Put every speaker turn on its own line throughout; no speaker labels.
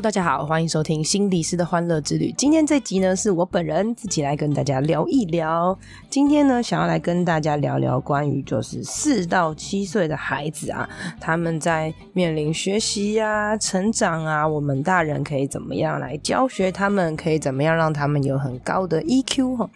大家好，歡迎收聽心理師的歡樂之旅。今天這集呢，是我本人自己來跟大家聊一聊。今天呢，想要來跟大家聊聊關於就是四到七歲的孩子啊，他們在面臨學習呀、啊、成長啊，我們大人可以怎麼樣來教學？他們可以怎麼樣讓他們有很高的 EQ。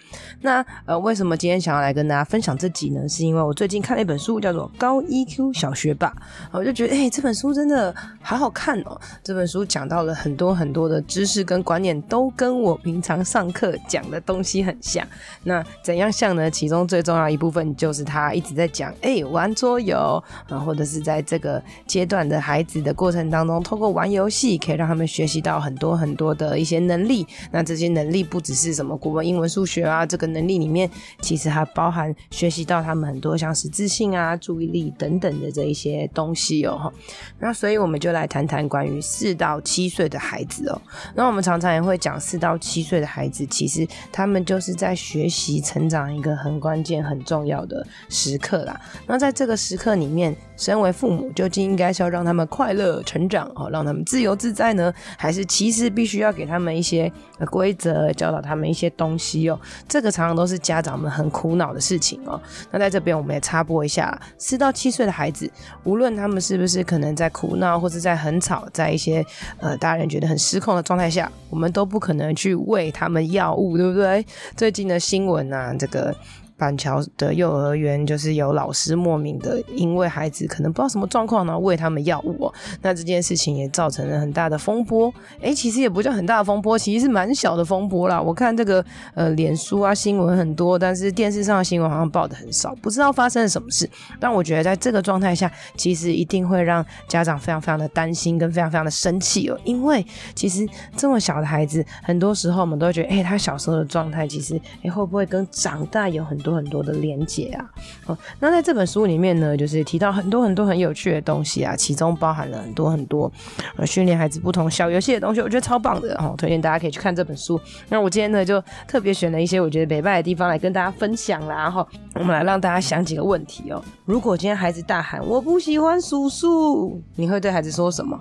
那，呃，為什麼今天想要來跟大家分享這集呢？是因為我最近看了一本書，叫做《高 EQ 小學霸》，我就覺得哎，這本書真的好好看哦。這本書講到了。很多很多的知識跟觀念都跟我平常上課講的東西很像。那怎樣像呢？其中最重要一部分就是他一直在講，哎、欸，玩桌遊，啊，或者是在這個階段的孩子的過程當中，透過玩遊戲，可以讓他們學習到很多很多的一些能力。那這些能力不只是什麼國文、英文、數學啊，這個能力裡面，其實還包含學習到他們很多像識字性啊、注意力等等的這一些東西哦、喔。那所以我們就來談談關於四到七歲。的孩子哦，那我們常常也會講四到七歲的孩子，其實他們就是在學習成長一個很關鍵、很重要的時刻啦。那在這個時刻裡面，身為父母，究竟應該是要讓他們快樂成長哦，讓他們自由自在呢？還是其實必須要給他們一些規則，教導他們一些東西哦？這個常常都是家長們很苦惱的事情哦。那在這邊我們也插播一下：四到七歲的孩子，無論他們是不是可能在哭鬧，或者在很吵，在一些呃大人覺得很失控的狀態下，我們都不可能去餵他們藥物，對不對？最近的新聞啊，這個。板橋的幼兒園就是有老師莫名的，因為孩子可能不知道什麼狀況，然後餵他們藥物。那這件事情也造成了很大的風波。哎、欸，其實也不叫很大的風波，其實是蠻小的風波啦。我看這個呃，臉書啊新聞很多，但是電視上的新聞好像報的很少，不知道發生了什麼事。但我覺得在這個狀態下，其實一定會讓家長非常非常的擔心跟非常非常的生氣哦、喔。因為其實這麼小的孩子，很多時候我們都會覺得，哎、欸，他小時候的狀態其實，哎、欸，會不會跟長大有很很多很多的連結啊、哦，那在這本書裡面呢，就是提到很多很多很有趣的東西啊，其中包含了很多很多訓練、呃、孩子不同小遊戲的東西，我覺得超棒的哦，推薦大家可以去看這本書。那我今天呢，就特別選了一些我覺得不錯的地方來跟大家分享啦，然、哦、後我們來讓大家想幾個問題哦。如果今天孩子大喊“我不喜歡數數”，你會對孩子說什麼？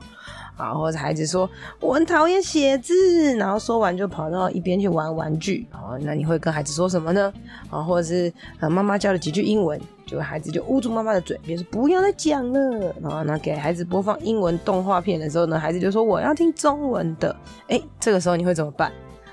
啊，或者是孩子說我很討厭寫字，然後說完就跑到一邊去玩玩具。啊，那你會跟孩子說什麼呢？啊，或者是呃媽媽教了幾句英文，就孩子就捂住媽媽的嘴，別說，不要再講了。然後那給孩子播放英文動畫片的時候呢，孩子就說我要聽中文的。哎、欸，這個時候你會怎麼辦？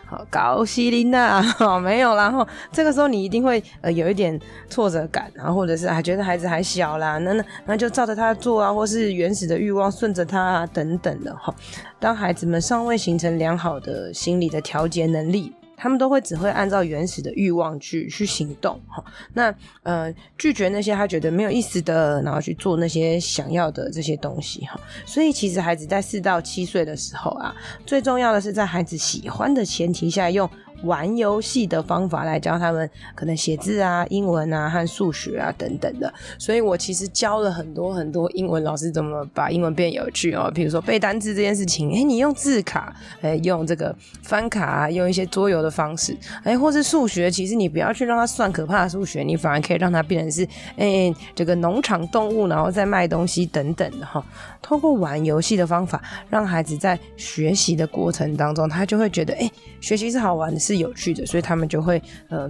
好，高希林吶，好沒有啦。然後這個時候你一定會呃有一點挫折感，啊，然後或者是還覺得孩子還小啦，那那那就照着他做啊，或是原始的慾望順着他啊等等的哈。當孩子們尚未形成良好的心理的調節能力。他們都會只會按照原始的慾望去去行動，齁。那呃，拒絕那些他覺得沒有意思的，然後去做那些想要的這些東西，齁。所以其實孩子在四到七歲的時候啊，最重要的是在孩子喜歡的前提下用。玩遊戲的方法來教他們，可能寫字啊、英文啊和數學啊等等的。所以我其實教了很多很多英文老師怎麼把英文變有趣哦。比如說背單字這件事情，哎、欸，你用字卡，哎、欸，用這個翻卡啊，用一些桌遊的方式，哎、欸，或是數學，其實你不要去讓他算可怕的數學，你反而可以讓他變成是，誒、欸、這個農場動物，然後再賣東西等等的哈、哦。通過玩遊戲的方法，讓孩子在學習的過程當中，他就會覺得，哎、欸，學習是好玩的。是有趣的，所以他們就會呃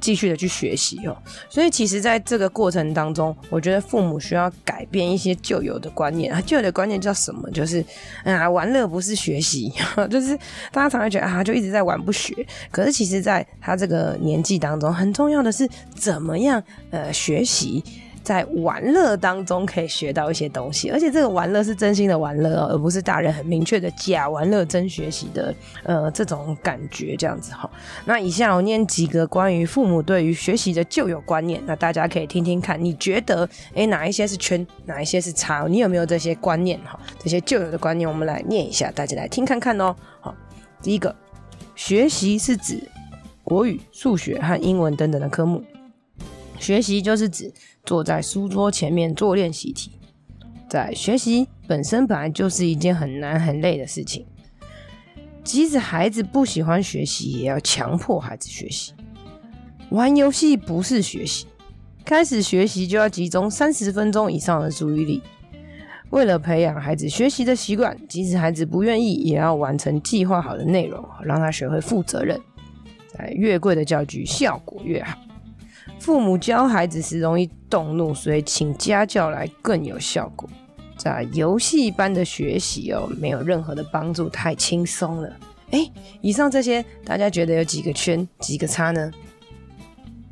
繼續的去學習哦。所以其實，在這個過程當中，我覺得父母需要改變一些舊有的觀念。啊、舊有的觀念叫什麼？就是啊、嗯，玩樂不是學習，就是大家常常覺得啊，就一直在玩不學。可是其實，在他這個年紀當中，很重要的是怎麼樣呃學習。在玩樂當中可以學到一些東西，而且這個玩樂是真心的玩樂哦，而不是大人很明確的假玩樂真學習的，呃，這種感覺這樣子哈、哦。那以下我、哦、念幾個關於父母對於學習的舊有觀念，那大家可以聽聽看，你覺得誒，哪一些是圈，哪一些是叉？你有沒有這些觀念哈、哦？這些舊有的觀念，我們來念一下，大家來聽看看哦。第一個，學習是指國語、數學和英文等等的科目，學習就是指。坐在書桌前面做練習題，在學習本身本來就是一件很難很累的事情，即使孩子不喜歡學習，也要強迫孩子學習。玩遊戲不是學習，開始學習就要集中三十分鐘以上的注意力。為了培養孩子學習的習慣，即使孩子不願意，也要完成計劃好的內容，讓他學會負責任。哎，越貴的教具效果越好。父母教孩子時容易動怒，所以請家教來更有效果。這遊戲般的學習哦，沒有任何的幫助，太輕鬆了。哎，以上這些大家覺得有幾個圈，幾個叉呢？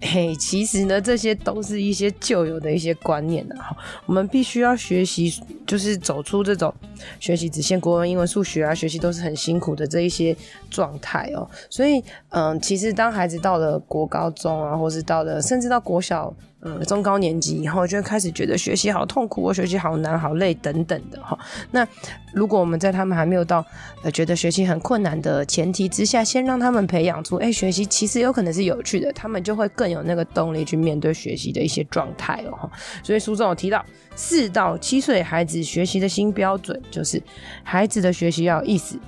嘿，hey, 其實呢，這些都是一些舊有的一些觀念啊，哈，我們必須要學習，就是走出這種學習只限國文、英文、數學啊，學習都是很辛苦的這一些狀態哦。所以，嗯，其實當孩子到了國高中啊，或是到了甚至到國小。嗯，中高年級以後就會開始覺得學習好痛苦，學習好難、好累等等的哈。那如果我們在他們還沒有到呃覺得學習很困難的前提之下，先讓他們培養出哎、欸、學習其實有可能是有趣的，他們就會更有那個動力去面對學習的一些狀態哦。所以書中有提到，四到七歲孩子學習的新標準就是孩子的學習要有意思。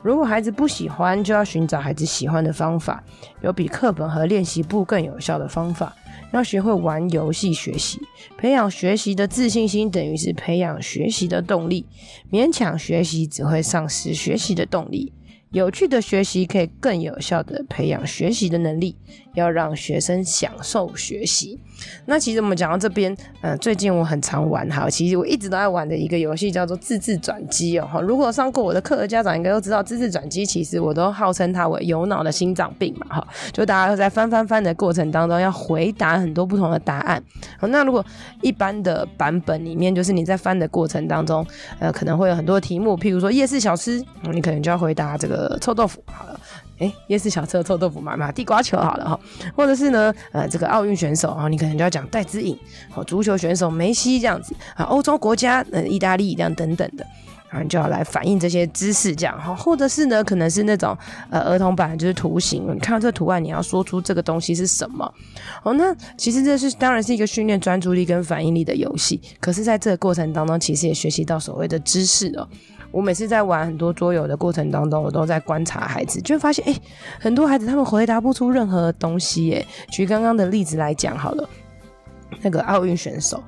如果孩子不喜歡，就要尋找孩子喜歡的方法，有比課本和練習簿更有效的方法。要學會玩遊戲學習，培養學習的自信心，等於是培養學習的動力。勉強學習只會喪失學習的動力，有趣的學習可以更有效地培養學習的能力。要讓學生享受學習。那其實我們講到這邊，嗯、呃，最近我很常玩，哈，其實我一直都在玩的一個遊戲叫做“字字轉機”哦，如果上過我的課的家長應該都知道，“自製轉機字字轉機”其實我都號稱它為“有腦的心臟病”嘛，哈、哦。就大家在翻翻翻的過程當中，要回答很多不同的答案。哦、那如果一般的版本裡面，就是你在翻的過程當中，呃，可能會有很多題目，譬如說夜市小吃，嗯、你可能就要回答這個臭豆腐，好了。哎、欸，夜市小車、臭豆腐買買、麻麻地瓜球，好了哈，或者是呢，呃，這個奧運選手哦，你可能就要講戴資穎哦，足球選手梅西這樣子啊，歐、哦、洲國家呃，意大利這樣等等的，然後你就要來反映這些知識這樣哈，或者是呢，可能是那種呃兒童版，就是圖形，你看到這圖案你要說出這個東西是什麼哦，那其實這是當然是一個訓練專注力跟反應力的遊戲，可是在這個過程當中，其實也學習到所謂的知識哦。我每次在玩很多桌遊的過程當中，我都在觀察孩子，就會發現，誒，很多孩子他們回答不出任何東西欸。誒，舉剛剛的例子來講好了，那個奧運選手。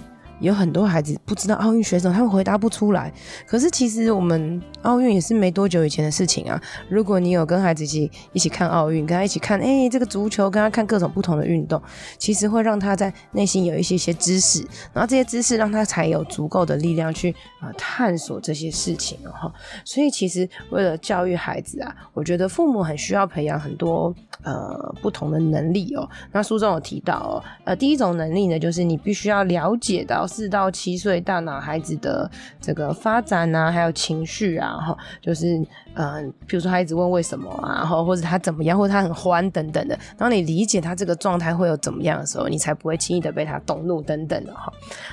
有很多孩子不知道奧運選手，他們回答不出來。可是其實我們奧運也是沒多久以前的事情啊。如果你有跟孩子一起一起看奧運，跟他一起看，哎、欸，這個足球，跟他看各種不同的運動，其實會讓他在內心有一些些知識，然後這些知識讓他才有足夠的力量去啊、呃、探索這些事情、喔，哦。所以其實為了教育孩子啊，我覺得父母很需要培養很多呃不同的能力哦、喔。那書中有提到、喔，呃，第一種能力呢，就是你必須要了解到。四到七歲大腦孩子的這個發展啊，還有情緒啊，哈，就是嗯，比、呃、如說他一直問為什麼啊，然後或者他怎麼樣，或者他很歡等等的，當你理解他這個狀態會有怎麼樣的時候，你才不會輕易的被他動怒等等的哈。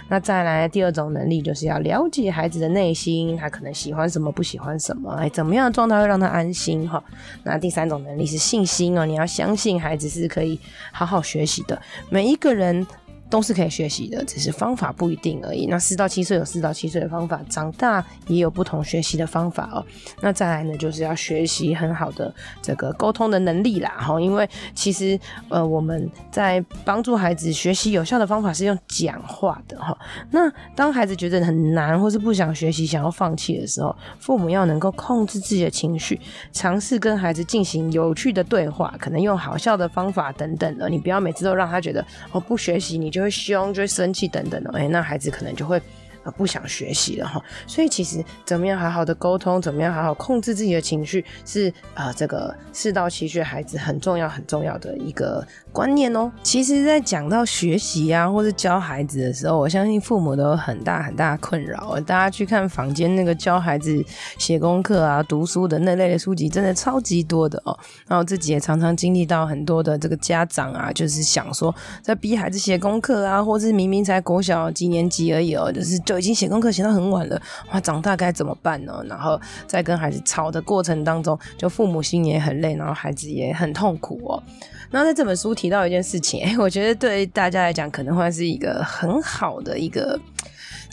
那再來第二種能力就是要了解孩子的內心，他可能喜歡什麼，不喜歡什麼，哎，怎麼樣的狀態會讓他安心哈。那第三種能力是信心哦、喔，你要相信孩子是可以好好學習的，每一個人。都是可以學習的，只是方法不一定而已。那四到七歲有四到七歲的方法，長大也有不同學習的方法哦、喔。那再來呢，就是要學習很好的這個溝通的能力啦，哈。因為其實呃，我們在幫助孩子學習有效的方法是用講話的哈、喔。那當孩子覺得很難或是不想學習、想要放棄的時候，父母要能夠控制自己的情緒，嘗試跟孩子進行有趣的對話，可能用好笑的方法等等的、喔。你不要每次都讓他覺得哦、喔，不學習你就。會凶，就會生氣等等的，哎、欸，那孩子可能就會。啊，不想學習了哈，所以其實怎麼樣好好的溝通，怎麼樣好好控制自己的情緒是，是呃這個四到七歲孩子很重要很重要的一個觀念哦。其實，在講到學習啊，或是教孩子的時候，我相信父母都有很大很大的困擾。大家去看坊間那個教孩子寫功課啊、讀書的那類的書籍，真的超級多的哦。然後自己也常常經歷到很多的這個家長啊，就是想說在逼孩子寫功課啊，或是明明才國小幾年級而已哦，就是。就已經寫功課寫到很晚了，哇！長大該怎麼辦呢？然後在跟孩子吵的過程當中，就父母心也很累，然後孩子也很痛苦哦。那在這本書提到一件事情，我覺得對大家來講可能會是一個很好的一個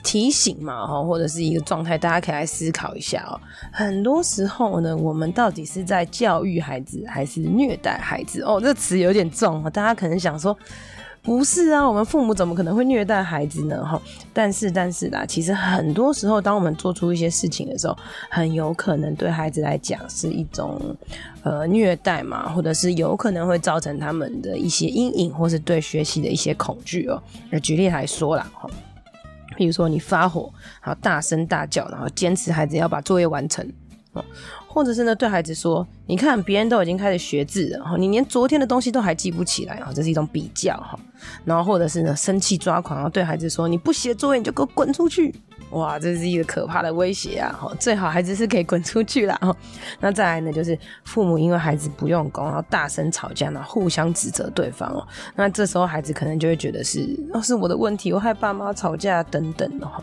提醒嘛，哈，或者是一個狀態，大家可以來思考一下哦。很多時候呢，我們到底是在教育孩子，還是虐待孩子？哦，這個詞有點重啊，哦，大家可能想說。不是啊，我們父母怎麼可能會虐待孩子呢？哈，但是但是啦，其實很多時候，當我們做出一些事情的時候，很有可能對孩子來講是一種呃虐待嘛，或者是有可能會造成他們的一些陰影，或是對學習的一些恐懼哦、喔。那舉例來說啦，哈，比如說你發火，然後大聲大叫，然後堅持孩子要把作業完成，喔。或者是呢，對孩子說：“你看，別人都已經開始學字了哈，你連昨天的東西都還記不起來啊！”這是一種比較哈。然後或者是呢，生氣抓狂，然後對孩子說：“你不寫作業，你就給我滾出去！”哇，這是一個可怕的威脅啊！最好孩子是可以滾出去了哈。那再來呢，就是父母因為孩子不用功，然後大聲吵架，然後互相指責對方。那這時候孩子可能就會覺得是，都、哦、是我的問題，我害爸媽吵架等等的哈。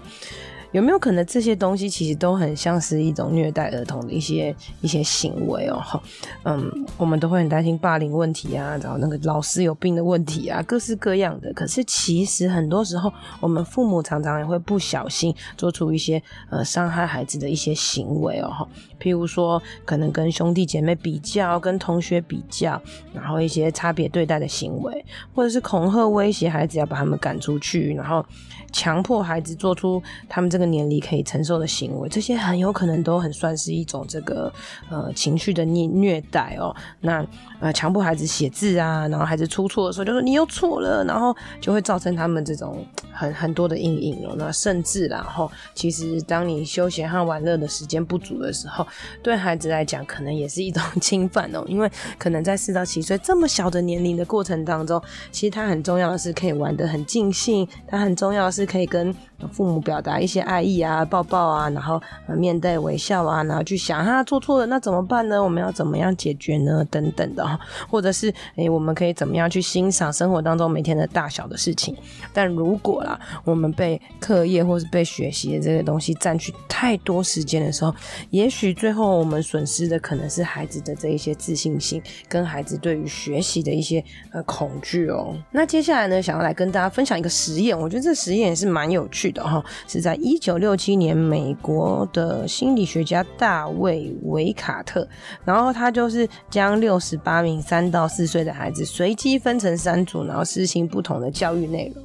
有沒有可能這些東西其實都很像是一種虐待兒童的一些一些行為哦、喔？嗯，我們都會很擔心霸凌問題啊，然後那個老師有病的問題啊，各式各樣的。可是其實很多時候，我們父母常常也會不小心做出一些呃傷害孩子的一些行為哦、喔，譬如說可能跟兄弟姐妹比較，跟同學比較，然後一些差別對待的行為，或者是恐嚇威脅孩子要把他們趕出去，然後強迫孩子做出他們這個。年齡可以承受的行為，這些很有可能都很算是一種這個呃情緒的虐虐待哦、喔。那呃強迫孩子寫字啊，然後孩子出錯的時候就說你又錯了，然後就會造成他們這種很很多的陰影哦、喔。那甚至然後，其實當你休閒和玩樂的時間不足的時候，對孩子來講可能也是一種侵犯哦、喔。因為可能在四到七歲這麼小的年齡的過程當中，其實他很重要的是可以玩得很盡興，他很重要的是可以跟父母表達一些愛。愛意啊，抱抱啊，然後，面帶微笑啊，然後去想啊，做錯了那怎麼辦呢？我們要怎麼樣解決呢？等等的，或者是誒，我們可以怎麼樣去欣賞生活當中每天的大小的事情？但如果啦，我們被課業或是被學習的這個東西佔據太多時間的時候，也許最後我們損失的可能是孩子的這一些自信心，跟孩子對於學習的一些呃恐懼哦。那接下來呢，想要來跟大家分享一個實驗，我覺得這實驗也是蠻有趣的哈、哦，是在一。一九六七年，美國的心理學家大衛維卡特，然後他就是將六十八名三到四歲的孩子隨機分成三組，然後實行不同的教育內容。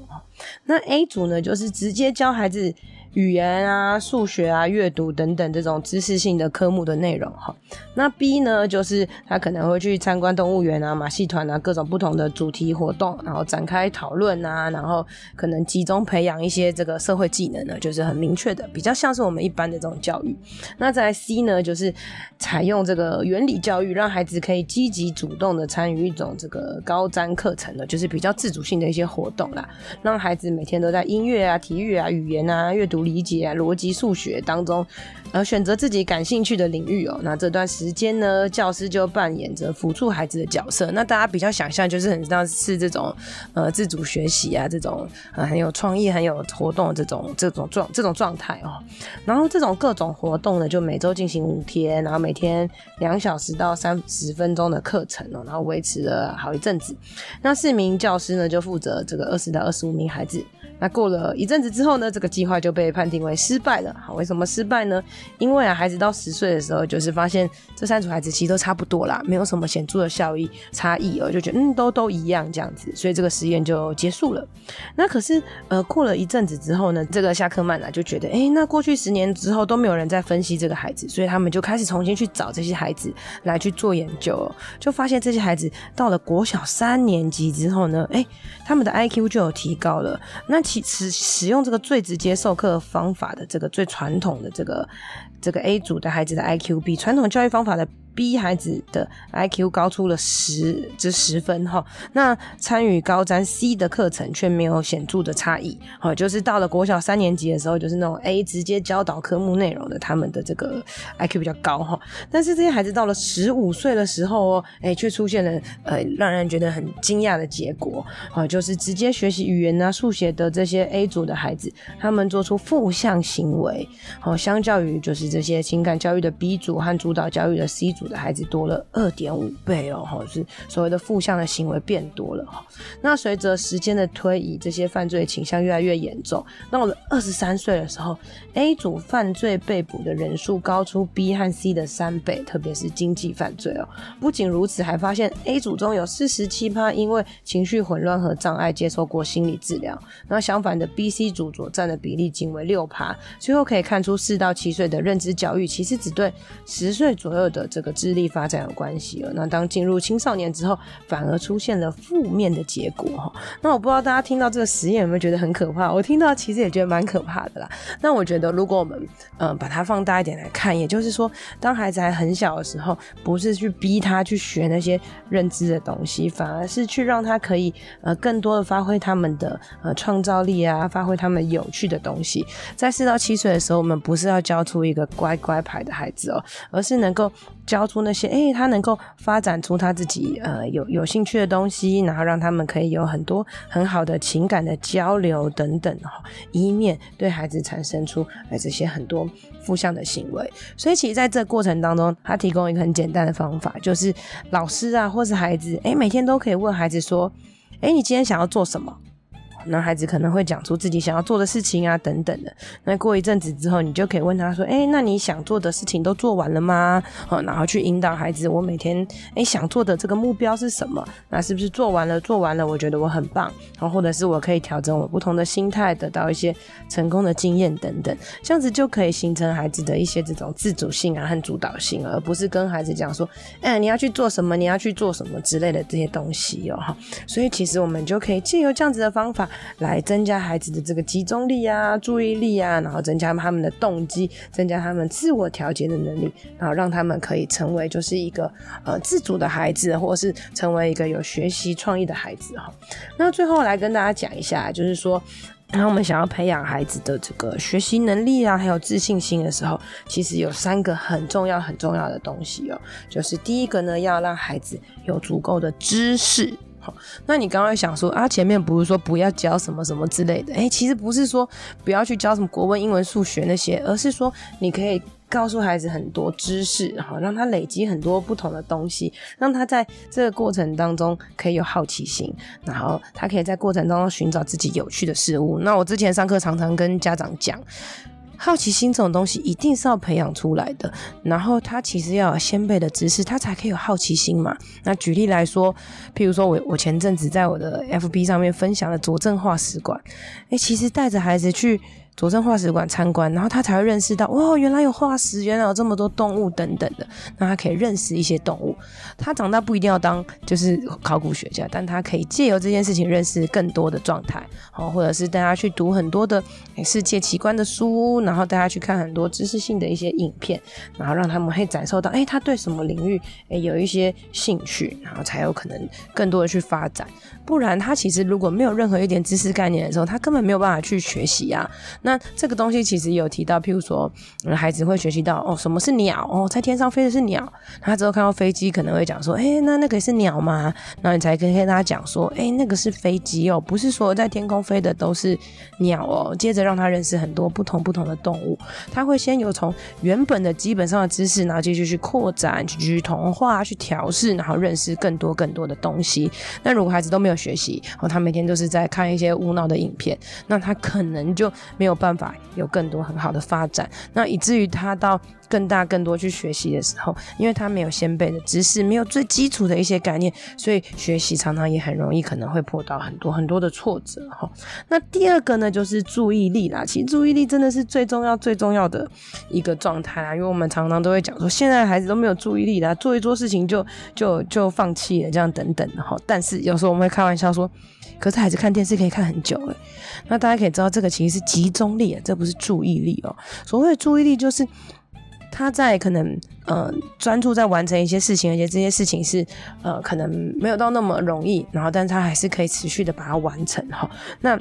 那 A 組呢，就是直接教孩子。語言啊，數學啊，閱讀等等這種知識性的科目的內容哈。那 B 呢，就是他可能會去參觀動物園啊、馬戲團啊，各種不同的主題活動，然後展開討論啊，然後可能集中培養一些這個社會技能呢，就是很明確的，比較像是我們一般的這種教育。那在 C 呢，就是採用這個原理教育，讓孩子可以積極主動的參與一種這個高瞻課程的，就是比較自主性的一些活動啦，讓孩子每天都在音樂啊、體育啊、語言啊、閱讀。理解啊，邏輯數學當中，呃，選擇自己感興趣的領域哦。那這段時間呢，教師就扮演着輔助孩子的角色。那大家比較想象，就是很像是這種呃自主學習啊，這種啊很有創意、很有活動的這種這種狀這種狀態哦。然後這種各種活動呢，就每周進行五天，然後每天兩小時到三十分鐘的課程哦，然後維持了好一陣子。那四名教師呢，就負責這個二十到二十五名孩子。那過了一陣子之後呢，這個計劃就被判定為失敗了。好，為什麼失敗呢？因為啊，孩子到十歲的時候，就是發現這三組孩子其實都差不多啦，沒有什麼顯著的效益差異哦、喔，就覺得嗯，都都一樣這樣子，所以這個實驗就結束了。那可是呃，過了一陣子之後呢，這個夏克曼呢就覺得，哎、欸，那過去十年之後都沒有人在分析這個孩子，所以他們就開始重新去找這些孩子來去做研究、喔，就發現這些孩子到了國小三年級之後呢，哎、欸，他們的 IQ 就有提高了。那使使用這個最直接授課方法的這個最傳統的這個這個 A 組的孩子的 IQ 比傳統教育方法的。B 孩子的 IQ 高出了十至十分哈，那參與高瞻 C 的課程卻沒有顯著的差異哦。就是到了國小三年級的時候，就是那種 A 直接教導科目內容的，他們的這個 IQ 比較高哈。但是這些孩子到了十五歲的時候哦，哎、欸，卻出現了呃讓人覺得很驚訝的結果哦，就是直接學習語言啊、數學的這些 A 組的孩子，他們做出負向行為哦，相較於就是這些情感教育的 B 組和主導教育的 C 組。主的孩子多了二點五倍哦，哈、就是所謂的負向的行為變多了哦。那隨着時間的推移，這些犯罪傾向越來越嚴重。那我們的二十三歲的時候，A 組犯罪被捕的人數高出 B 和 C 的三倍，特別是經濟犯罪哦。不僅如此，還發現 A 組中有四十七趴因為情緒混亂和障礙接受過心理治療，那相反的 B、C 組所占的比例僅為六趴。最後可以看出，四到七歲的認知教育其實只對十歲左右的這個。智力發展有關係哦。那當進入青少年之後，反而出現了負面的結果喔。那我不知道大家聽到這個實驗有沒有覺得很可怕？我聽到其實也覺得蠻可怕的啦。那我覺得如果我們嗯把它放大一點來看，也就是說，當孩子還很小的時候，不是去逼他去學那些認知的東西，反而是去讓他可以呃更多的發揮他們的呃創造力啊，發揮他們有趣的東西。在四到七歲的時候，我們不是要教出一個乖乖牌的孩子哦，而是能夠。教出那些哎、欸，他能夠發展出他自己呃有有興趣的東西，然後讓他們可以有很多很好的情感的交流等等哈，以免對孩子產生出哎這些很多負向的行為。所以其實在這過程當中，他提供一個很簡單的方法，就是老師啊，或是孩子哎、欸，每天都可以問孩子說，哎、欸，你今天想要做什麼？那孩子可能會講出自己想要做的事情啊，等等的。那過一陣子之後，你就可以問他說：“哎、欸，那你想做的事情都做完了嗎？”哦，然後去引導孩子：“我每天哎、欸、想做的這個目標是什麼？那是不是做完了？做完了，我覺得我很棒。然後或者是我可以調整我不同的心態，得到一些成功的經驗等等。這樣子就可以形成孩子的一些這種自主性啊和主導性，而不是跟孩子講說：哎、欸，你要去做什麼？你要去做什麼之類的這些東西喲、哦、哈。所以其實我們就可以借由這樣子的方法。來增加孩子的這個集中力啊、注意力啊，然後增加他們的動機，增加他們自我調節的能力，然後讓他們可以成為就是一個呃自主的孩子，或是成為一個有學習創意的孩子哈。那最後來跟大家講一下，就是說，當我們想要培養孩子的這個學習能力啊，還有自信心的時候，其實有三個很重要很重要的東西哦，就是第一個呢，要讓孩子有足夠的知識。好，那你剛剛想說啊，前面不是說不要教什麼什麼之類的？誒，其實不是說不要去教什麼國文、英文、數學那些，而是說你可以告訴孩子很多知識，好讓他累積很多不同的東西，讓他在這個過程當中可以有好奇心，然後他可以在過程當中尋找自己有趣的事物。那我之前上課常常跟家長講。好奇心這種東西一定是要培養出來的，然後他其實要有先備的知識，他才可以有好奇心嘛。那舉例來說，譬如說我我前陣子在我的 FB 上面分享了左鎮化石館，誒、欸，其實帶着孩子去。佐證化石館參觀，然後他才會認識到，哇、哦，原來有化石，原來有這麼多動物等等的，那他可以認識一些動物。他長大不一定要當就是考古學家，但他可以借由這件事情認識更多的狀態，哦，或者是帶他去讀很多的世界奇觀的書，然後帶他去看很多知識性的一些影片，然後讓他們可以感受到，哎，他對什麼領域哎有一些興趣，然後才有可能更多的去發展。不然，他其實如果沒有任何一點知識概念的時候，他根本沒有辦法去學習啊。那這個東西其實有提到，譬如說，嗯、孩子會學習到哦，什麼是鳥哦，在天上飛的是鳥。他之後看到飛機，可能會講說，哎、欸，那那個是鳥嗎？然後你才可以跟他講說，哎、欸，那個是飛機哦，不是說在天空飛的都是鳥哦。接着讓他認識很多不同不同的動物。他會先有從原本的基本上的知識，然後繼續去擴展，去同化，去調適，然後認識更多更多的東西。那如果孩子都沒有學習，然、哦、後他每天都是在看一些無腦的影片，那他可能就沒有。辦法有更多很好的發展，那以至於他到更大更多去學習的時候，因為他沒有先備的知識，沒有最基礎的一些概念，所以學習常常也很容易可能會碰到很多很多的挫折哈。那第二個呢，就是注意力啦。其實注意力真的是最重要最重要的一個狀態啊，因為我們常常都會講說，現在的孩子都沒有注意力啦，做一做事情就就就放棄了這樣等等哈。但是有時候我們會開玩笑說，可是他還是看電視可以看很久誒、欸，那大家可以知道這個其實是集中力、欸，這不是注意力哦、喔。所謂的注意力就是他在可能呃專注在完成一些事情，而且這些事情是呃可能沒有到那麼容易，然後但是他還是可以持續的把它完成哈。那。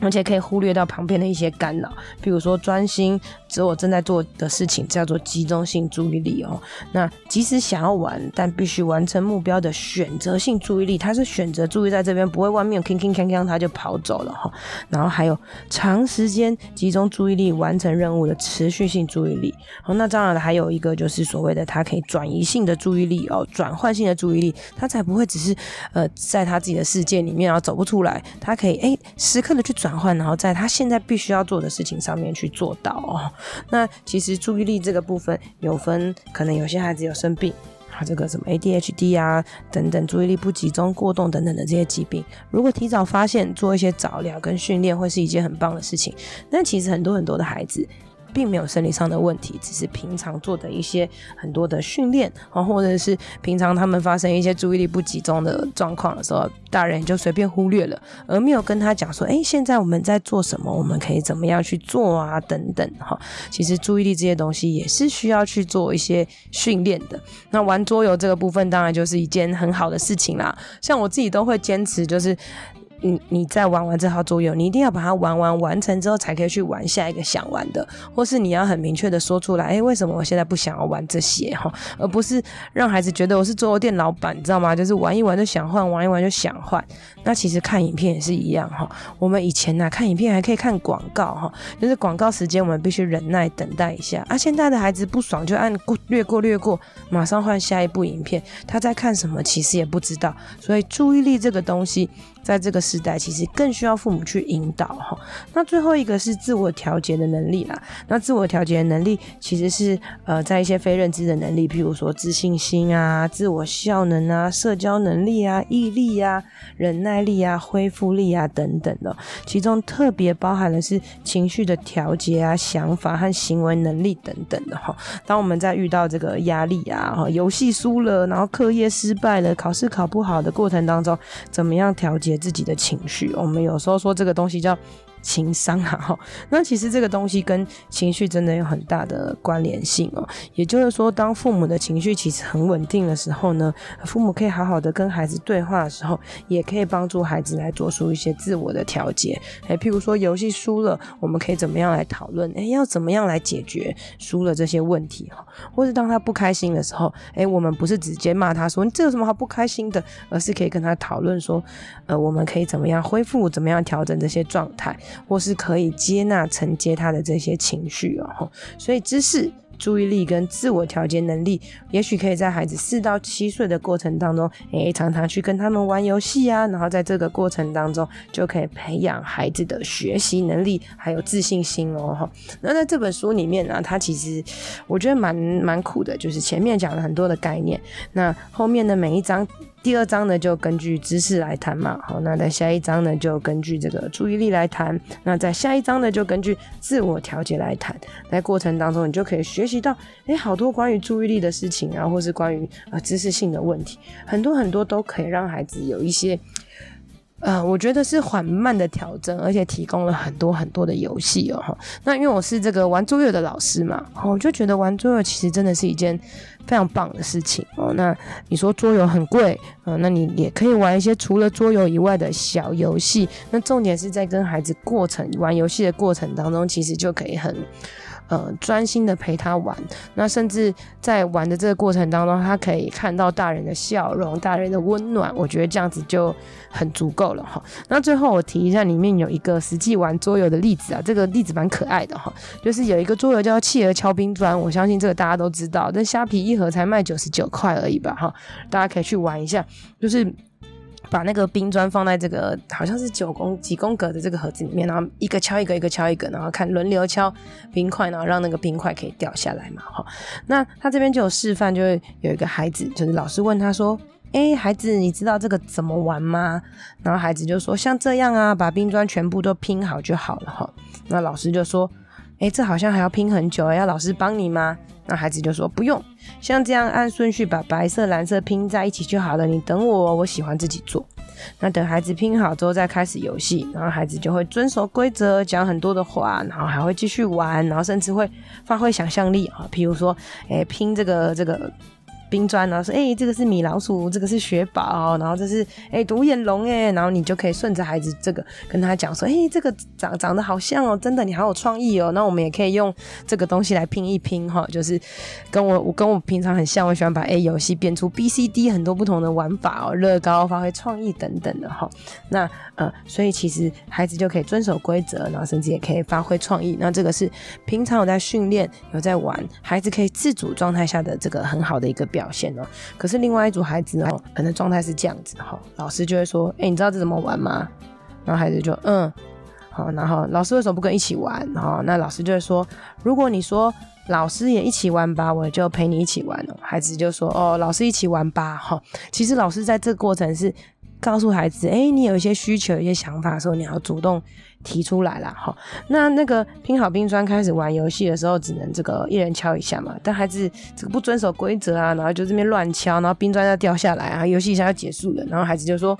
而且可以忽略到旁邊的一些干擾，比如說專心指我正在做的事情叫做集中性注意力哦。那即使想要玩，但必須完成目標的選擇性注意力，它是選擇注意在這邊，不會外面有 kink i n k i n k 他就跑走了哈、哦。然後還有長時間集中注意力完成任務的持續性注意力。好、哦，那當然了，還有一個就是所謂的它可以轉移性的注意力哦，轉換性的注意力，他才不會只是呃在他自己的世界裡面然後啊走不出來，他可以哎、欸、時刻的去轉。轉換，然後在他現在必須要做的事情上面去做到哦、喔。那其實注意力這個部分有分，可能有些孩子有生病啊，這個什麼 ADHD 啊等等，注意力不集中、過動等等的這些疾病，如果提早發現，做一些早療跟訓練，會是一件很棒的事情。那其實很多很多的孩子。並沒有生理上的問題，只是平常做的一些很多的訓練啊，或者是平常他們發生一些注意力不集中的狀況的時候，大人就隨便忽略了，而沒有跟他講說，誒，現在我們在做什麼，我們可以怎麼樣去做啊，等等，哈，其實注意力這些東西也是需要去做一些訓練的。那玩桌遊這個部分，當然就是一件很好的事情啦。像我自己都會堅持，就是。你你在玩完這套桌遊，你一定要把它玩完完成之後，才可以去玩下一個想玩的，或是你要很明確的說出來，誒、欸，為什麼我現在不想要玩這些哈？而不是讓孩子覺得我是桌遊店老闆，你知道嗎？就是玩一玩就想換，玩一玩就想換。那其實看影片也是一樣哈。我們以前吶、啊，看影片還可以看廣告哈，就是廣告時間我們必須忍耐等待一下啊。現在的孩子不爽就按掠過略過略過，馬上換下一部影片。他在看什麼其實也不知道，所以注意力這個東西。在這個時代，其實更需要父母去引導哈。那最後一個是自我調節的能力啦。那自我調節的能力其實是呃，在一些非認知的能力，譬如說自信心啊、自我效能啊、社交能力啊、毅力啊、忍耐力啊、恢復力啊等等的，其中特別包含的是情緒的調節啊、想法和行為能力等等的哈。當我們在遇到這個壓力啊哈、遊戲輸了，然後課業失敗了、考試考不好的過程當中，怎麼樣調節？自己的情緒，我們有時候說這個東西叫情商，啊，吼，那其實這個東西跟情緒真的有很大的關聯性哦。也就是說，當父母的情緒其實很穩定的時候呢，父母可以好好的跟孩子對話的時候，也可以幫助孩子來做出一些自我的調節。誒，譬如說遊戲輸了，我們可以怎麼樣來討論？誒，要怎麼樣來解決輸了這些問題？哈，或者當他不開心的時候，誒，我們不是直接罵他說你這有什麼好不開心的？而是可以跟他討論說，呃，我們可以怎麼樣恢復？怎麼樣調整這些狀態？或是可以接納承接他的這些情緒哦，所以知識、注意力跟自我調節能力，也許可以在孩子四到七歲的過程當中，誒，常常去跟他們玩遊戲啊，然後在這個過程當中，就可以培養孩子的學習能力，還有自信心哦。哈，那在這本書裡面呢，啊，它其實我覺得蠻蠻苦的，就是前面講了很多的概念，那後面的每一章。第二章呢，就根據知識來談嘛。好，那在下一章呢，就根據這個注意力來談。那在下一章呢，就根據自我調節來談。在過程當中，你就可以學習到，誒，好多關於注意力的事情啊，或是關於啊知識性的問題，很多很多都可以讓孩子有一些。呃，我覺得是緩慢的調整，而且提供了很多很多的遊戲哦哈。那因為我是這個玩桌遊的老師嘛，我就覺得玩桌遊其實真的是一件非常棒的事情哦。那你說桌遊很貴啊，呃，那你也可以玩一些除了桌遊以外的小遊戲。那重點是在跟孩子過程玩遊戲的過程當中，其實就可以很。呃，專心的陪他玩，那甚至在玩的這個過程當中，他可以看到大人的笑容，大人的溫暖，我覺得這樣子就很足夠了哈。那最後我提一下，裡面有一個實際玩桌遊的例子啊，這個例子蠻可愛的哈，就是有一個桌遊叫《企鵝敲冰磚》，我相信這個大家都知道，但蝦皮一盒才賣九十九塊而已吧哈，大家可以去玩一下，就是。把那個冰磚放在這個好像是九宮幾宮格的這個盒子裡面，然後一個敲一個，一個敲一個，然後看輪流敲冰塊，然後讓那個冰塊可以掉下來嘛，哈。那他這邊就有示範，就會有一個孩子，就是老師問他說：“欸，孩子，你知道這個怎麼玩嗎？”然後孩子就說：“像這樣啊，把冰磚全部都拼好就好了，哈。”那老師就說：“欸，這好像還要拼很久欸，要老師幫你嗎？”那孩子就說，不用，像這樣按順序把白色、藍色拼在一起就好了。你等我，我喜歡自己做。那等孩子拼好之後再開始遊戲，然後孩子就會遵守規則，講很多的話，然後還會繼續玩，然後甚至會發揮想象力啊，譬如說，誒、欸，拼這個這個。冰磚，然後說：“哎，這個是米老鼠，這個是雪寶，然後這是哎獨眼龍哎。”然後你就可以順着孩子這個跟他講說：“哎，這個長長得好像哦，真的你好有創意哦。”那我們也可以用這個東西來拼一拼哈，就是跟我我跟我平常很像，我喜歡把 A 遊戲變出 B、C、D 很多不同的玩法哦，樂高發揮創意等等的哈。那呃，所以其實孩子就可以遵守規則，然後甚至也可以發揮創意。那這個是平常有在訓練，有在玩，孩子可以自主狀態下的這個很好的一個表。表現哦，可是另外一組孩子呢，可能狀態是這樣子哈，老師就會說，哎、欸，你知道這怎麼玩嗎？然後孩子就嗯，好，然後老師為什麼不跟一起玩？哈，那老師就會說，如果你說老師也一起玩吧，我就陪你一起玩了。孩子就說，哦，老師一起玩吧，哈，其實老師在這過程是。告訴孩子，哎、欸，你有一些需求、一些想法的時候，你要主動提出來啦哈。那那個拼好冰磚開始玩遊戲的時候，只能這個一人敲一下嘛。但孩子這個不遵守規則啊，然後就這邊亂敲，然後冰磚要掉下來啊，遊戲一下要結束了。然後孩子就說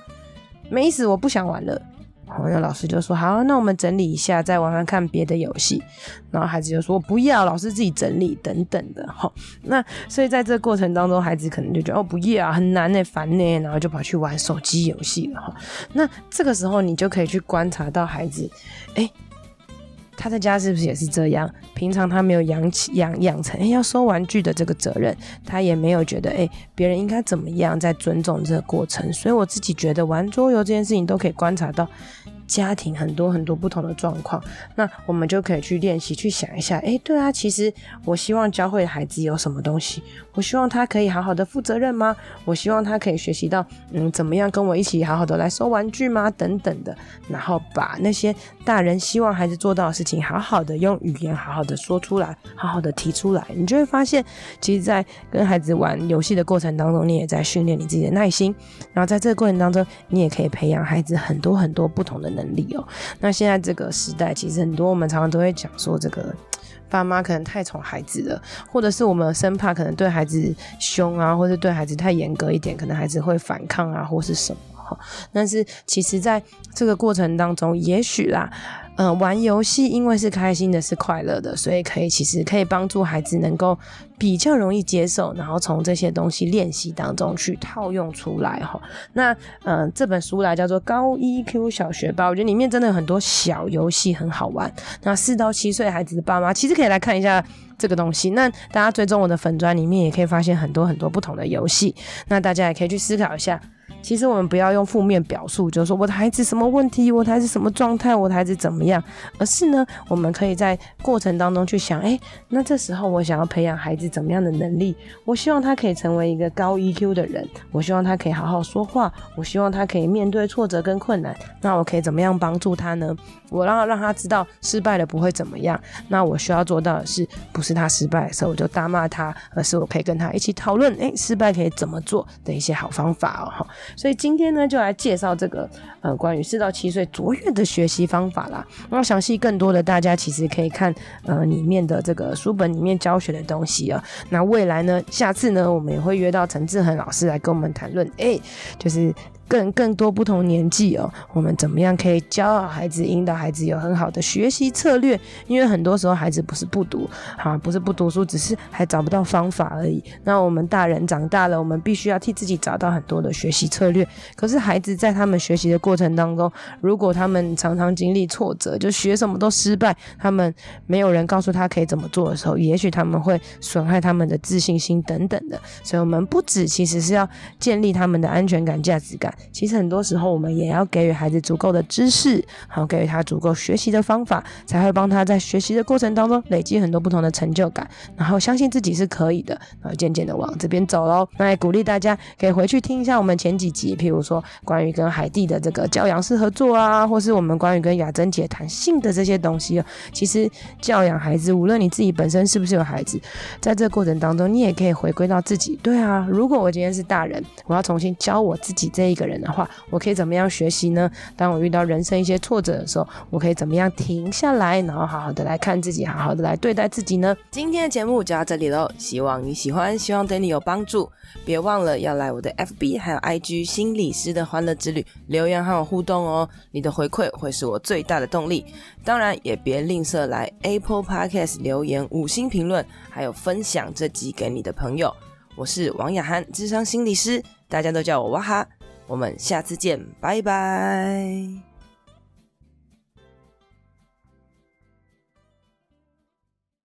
沒意思，我不想玩了。好，然後老師就說：“好，那我們整理一下，再玩玩看別的遊戲。”然後孩子就說：“不要，老師自己整理等等的。”哈，那所以在這個過程當中，孩子可能就覺得哦，不要啊，很難呢、欸，煩呢、欸，然後就跑去玩手機遊戲了。哈，那這個時候你就可以去觀察到孩子，誒、欸他在家是不是也是這樣？平常他沒有養起養養成、欸、要收玩具的這個責任，他也沒有覺得哎，別、欸、人應該怎麼樣在尊重這個過程。所以我自己覺得玩桌遊這件事情都可以觀察到。家庭很多很多不同的狀況，那我們就可以去練習，去想一下，誒，對啊，其實我希望教會孩子有什麼東西，我希望他可以好好的負責任嗎？我希望他可以學習到，嗯，怎麼樣跟我一起好好的來收玩具嗎？等等的，然後把那些大人希望孩子做到的事情，好好的用語言好好的說出來，好好的提出來，你就會發現，其實，在跟孩子玩遊戲的過程當中，你也在訓練你自己的耐心，然後在這個過程當中，你也可以培養孩子很多很多不同的能力哦，那現在這個時代，其實很多我們常常都會講說，這個爸媽可能太寵孩子了，或者是我們生怕可能對孩子凶啊，或者對孩子太嚴格一點，可能孩子會反抗啊，或是什麼。但是其實在這個過程當中，也許啦。嗯、呃，玩遊戲因為是開心的，是快樂的，所以可以其實可以幫助孩子能夠比較容易接受，然後從這些東西練習當中去套用出來哈。那嗯、呃，這本書來叫做《高 EQ 小學霸》，我覺得裡面真的有很多小遊戲很好玩。那四到七歲孩子的爸媽其實可以來看一下這個東西。那大家追蹤我的粉專裡面也可以發現很多很多不同的遊戲。那大家也可以去思考一下。其實我們不要用負面表述，就是說我的孩子什麼問題，我的孩子什麼狀態，我的孩子怎麼樣。而是呢，我們可以在過程當中去想，誒，那這時候我想要培養孩子怎麼樣的能力？我希望他可以成為一個高 EQ 的人，我希望他可以好好說話，我希望他可以面對挫折跟困難。那我可以怎麼樣幫助他呢？我要讓他知道失敗了不會怎麼樣。那我需要做到的是，不是他失敗的時候我就大罵他，而是我可以跟他一起討論，誒，失敗可以怎麼做的一些好方法哦，所以今天呢，就來介紹這個呃，關於四到七歲卓越的學習方法啦。那詳細更多的，大家其實可以看呃，裡面的這個書本裡面教學的東西啊。那未來呢，下次呢，我們也會約到陳志恆老師來跟我們談論，哎、欸，就是。更更多不同年紀哦，我們怎麼樣可以教好孩子，引導孩子有很好的學習策略？因為很多時候孩子不是不讀啊，不是不讀書，只是還找不到方法而已。那我們大人長大了，我們必須要替自己找到很多的學習策略。可是孩子在他們學習的過程當中，如果他們常常經歷挫折，就學什麼都失敗，他們沒有人告訴他可以怎麼做的時候，也許他們會損害他們的自信心等等的。所以，我們不止其實是要建立他們的安全感、價值感。其實很多時候，我們也要給予孩子足夠的知識，然後給予他足夠學習的方法，才會幫他在學習的過程當中累積很多不同的成就感，然後相信自己是可以的，然後漸漸的往這邊走嘍。那也鼓勵大家可以回去聽一下我們前幾集，譬如說關於跟海蒂的這個教養式合作啊，或是我們關於跟雅珍姐談性的這些東西。其實教養孩子，無論你自己本身是不是有孩子，在這個過程當中，你也可以回歸到自己。對啊，如果我今天是大人，我要重新教我自己這一個人。人的話，我可以怎麼樣學習呢？當我遇到人生一些挫折的時候，我可以怎麼樣停下來，然後好好的來看自己，好好的來對待自己呢？今天的節目就到這裡嘍，希望你喜歡，希望對你有幫助。別忘了要來我的 FB 還有 IG 心理師的歡樂之旅留言和我互動哦，你的回饋會是我最大的動力。當然也別吝嗇來 Apple Podcast 留言五星評論，還有分享這集給你的朋友。我是王雅涵，諮商心理師，大家都叫我哇哈。我們下次見，拜拜。